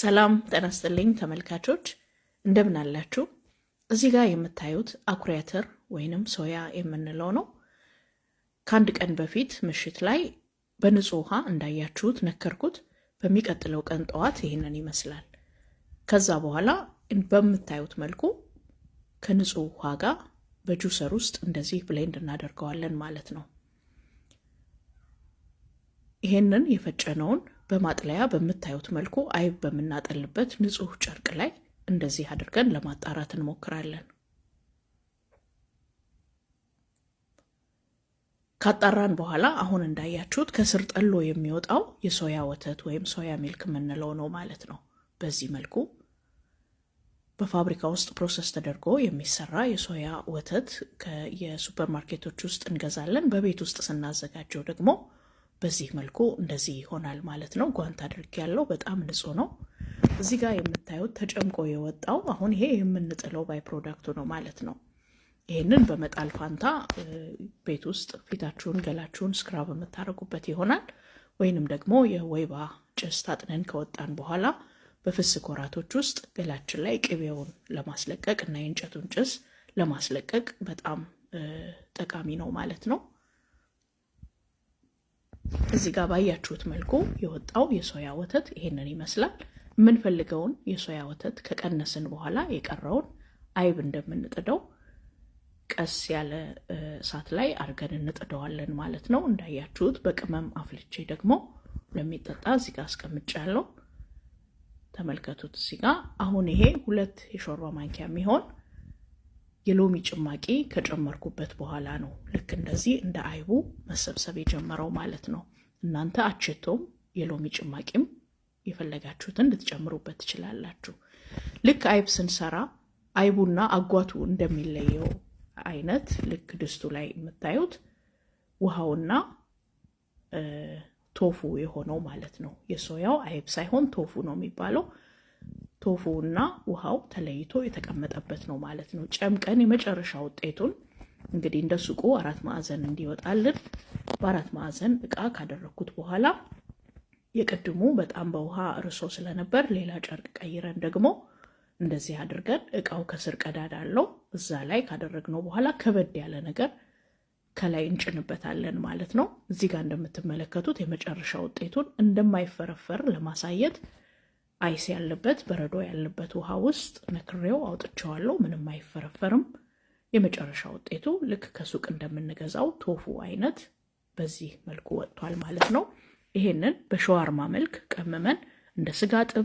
ሰላም ጤና ይስጥልኝ ተመልካቾች፣ እንደምን አላችሁ? እዚህ ጋር የምታዩት አኩሪ አተር ወይንም ሶያ የምንለው ነው። ከአንድ ቀን በፊት ምሽት ላይ በንጹህ ውሃ እንዳያችሁት ነከርኩት። በሚቀጥለው ቀን ጠዋት ይህንን ይመስላል። ከዛ በኋላ በምታዩት መልኩ ከንጹህ ውሃ ጋር በጁሰር ውስጥ እንደዚህ ብሌንድ እናደርገዋለን ማለት ነው። ይህንን የፈጨነውን በማጥለያ በምታዩት መልኩ አይብ በምናጠልበት ንጹህ ጨርቅ ላይ እንደዚህ አድርገን ለማጣራት እንሞክራለን። ካጣራን በኋላ አሁን እንዳያችሁት ከስር ጠሎ የሚወጣው የሶያ ወተት ወይም ሶያ ሚልክ የምንለው ነው ማለት ነው። በዚህ መልኩ በፋብሪካ ውስጥ ፕሮሰስ ተደርጎ የሚሰራ የሶያ ወተት የሱፐርማርኬቶች ውስጥ እንገዛለን። በቤት ውስጥ ስናዘጋጀው ደግሞ በዚህ መልኩ እንደዚህ ይሆናል ማለት ነው። ጓንት አድርግ ያለው በጣም ንጹህ ነው። እዚህ ጋር የምታዩት ተጨምቆ የወጣው አሁን ይሄ የምንጥለው ባይ ፕሮዳክቱ ነው ማለት ነው። ይህንን በመጣል ፋንታ ቤት ውስጥ ፊታችሁን፣ ገላችሁን ስክራብ የምታደርጉበት ይሆናል። ወይንም ደግሞ የወይባ ጭስ ታጥነን ከወጣን በኋላ በፍስክ ወራቶች ውስጥ ገላችን ላይ ቅቤውን ለማስለቀቅ እና የእንጨቱን ጭስ ለማስለቀቅ በጣም ጠቃሚ ነው ማለት ነው። እዚህ ጋር ባያችሁት መልኩ የወጣው የሶያ ወተት ይሄንን ይመስላል። የምንፈልገውን የሶያ ወተት ከቀነስን በኋላ የቀረውን አይብ እንደምንጥደው ቀስ ያለ እሳት ላይ አድርገን እንጥደዋለን ማለት ነው። እንዳያችሁት በቅመም አፍልቼ ደግሞ ለሚጠጣ እዚህ ጋር አስቀምጫለሁ። ተመልከቱት እዚህ ጋር አሁን ይሄ ሁለት የሾርባ ማንኪያ የሚሆን የሎሚ ጭማቂ ከጨመርኩበት በኋላ ነው ልክ እንደዚህ እንደ አይቡ መሰብሰብ የጀመረው ማለት ነው። እናንተ አቼቶም የሎሚ ጭማቂም የፈለጋችሁትን ልትጨምሩበት ትችላላችሁ። ልክ አይብ ስንሰራ አይቡና አጓቱ እንደሚለየው አይነት ልክ ድስቱ ላይ የምታዩት ውሃውና ቶፉ የሆነው ማለት ነው። የሶያው አይብ ሳይሆን ቶፉ ነው የሚባለው። ቶፉና ውሃው ተለይቶ የተቀመጠበት ነው ማለት ነው። ጨምቀን የመጨረሻ ውጤቱን እንግዲህ እንደ ሱቁ አራት ማዕዘን እንዲወጣልን በአራት ማዕዘን እቃ ካደረግኩት በኋላ የቅድሙ በጣም በውሃ እርሶ ስለነበር ሌላ ጨርቅ ቀይረን ደግሞ እንደዚህ አድርገን እቃው ከስር ቀዳዳ አለው እዛ ላይ ካደረግነው በኋላ ከበድ ያለ ነገር ከላይ እንጭንበታለን ማለት ነው። እዚህ ጋር እንደምትመለከቱት የመጨረሻ ውጤቱን እንደማይፈረፈር ለማሳየት አይስ ያለበት በረዶ ያለበት ውሃ ውስጥ ነክሬው አውጥቼዋለሁ። ምንም አይፈረፈርም። የመጨረሻ ውጤቱ ልክ ከሱቅ እንደምንገዛው ቶፉ አይነት በዚህ መልኩ ወጥቷል ማለት ነው። ይሄንን በሸዋርማ መልክ ቀምመን እንደ ስጋ ጥብ